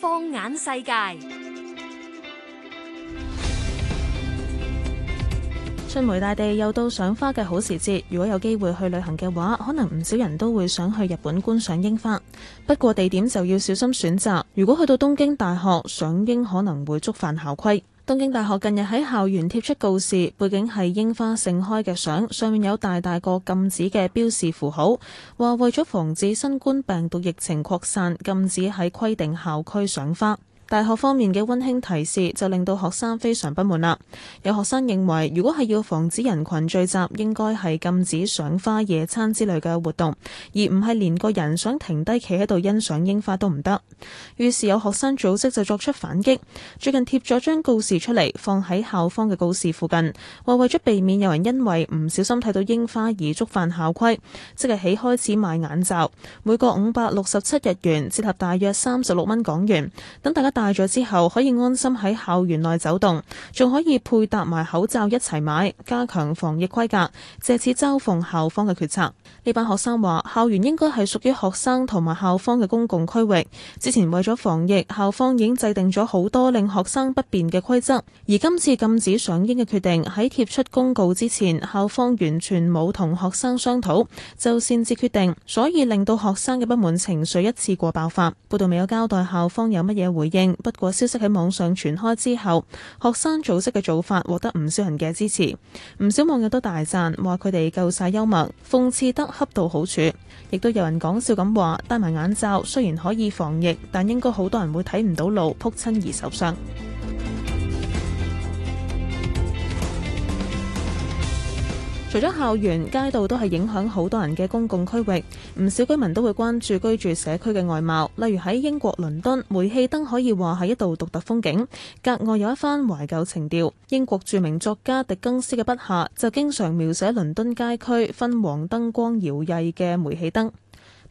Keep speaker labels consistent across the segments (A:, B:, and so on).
A: 放眼世界，春回大地又到賞花嘅好時節。如果有機會去旅行嘅話，可能唔少人都會想去日本觀賞櫻花。不過地點就要小心選擇，如果去到東京大學賞櫻，可能會觸犯校規。東京大學近日喺校園貼出告示，背景係櫻花盛開嘅相，上面有大大個禁止嘅標示符號，話為咗防止新冠病毒疫情擴散，禁止喺規定校區賞花。大學方面嘅溫馨提示就令到學生非常不滿啦。有學生認為，如果係要防止人群聚集，應該係禁止賞花、野餐之類嘅活動，而唔係連個人想停低企喺度欣賞櫻花都唔得。於是有學生組織就作出反擊，最近貼咗張告示出嚟，放喺校方嘅告示附近，話為咗避免有人因為唔小心睇到櫻花而觸犯校規，即日起開始賣眼罩，每個五百六十七日元，折合大約三十六蚊港元，等大家買咗之後可以安心喺校園內走動，仲可以配搭埋口罩一齊買，加強防疫規格。借此嘲諷校方嘅決策。呢班學生話：校園應該係屬於學生同埋校方嘅公共區域。之前為咗防疫，校方已經制定咗好多令學生不便嘅規則。而今次禁止賞櫻嘅決定喺貼出公告之前，校方完全冇同學生商討，就擅自決定，所以令到學生嘅不滿情緒一次過爆發。報道未有交代校方有乜嘢回應。不過消息喺網上傳開之後，學生組織嘅做法獲得唔少人嘅支持，唔少網友都大讚，話佢哋夠晒幽默，諷刺得恰到好處，亦都有人講笑咁話，戴埋眼罩雖然可以防疫，但應該好多人會睇唔到路，扑親而受傷。除咗校園，街道都係影響好多人嘅公共區域，唔少居民都會關注居住社區嘅外貌。例如喺英國倫敦，煤氣燈可以話係一道獨特風景，格外有一番懷舊情調。英國著名作家狄更斯嘅筆下就經常描寫倫敦街區昏黃燈光搖曳嘅煤氣燈。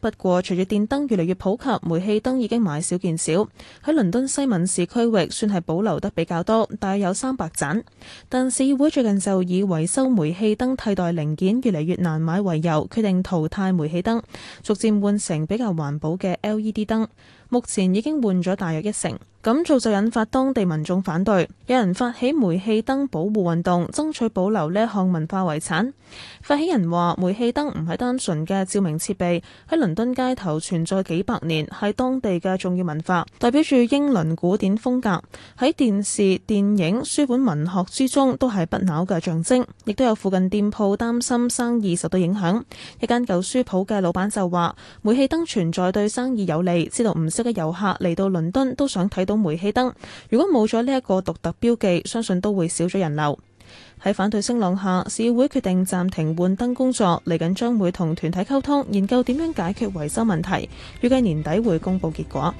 A: 不過，隨住電燈越嚟越普及，煤氣燈已經買少見少。喺倫敦西敏市區域，算係保留得比較多，大約有三百盞。但市議會最近就以維修煤氣燈替代零件越嚟越難買為由，決定淘汰煤氣燈，逐漸換成比較環保嘅 LED 燈。目前已經換咗大約一成，咁做就引發當地民眾反對，有人發起煤氣燈保護運動，爭取保留呢項文化遺產。發起人話：煤氣燈唔係單純嘅照明設備，喺倫敦街頭存在幾百年，係當地嘅重要文化，代表住英倫古典風格，喺電視、電影、書本、文學之中都係不朽嘅象徵。亦都有附近店鋪擔心生意受到影響。一間舊書鋪嘅老闆就話：煤氣燈存在對生意有利，知道唔少嘅遊客嚟到倫敦都想睇到煤氣燈。如果冇咗呢一個獨特標記，相信都會少咗人流。喺反對聲浪下，市議會決定暫停換燈工作。嚟緊將會同團體溝通，研究點樣解決維修問題。預計年底會公佈結果。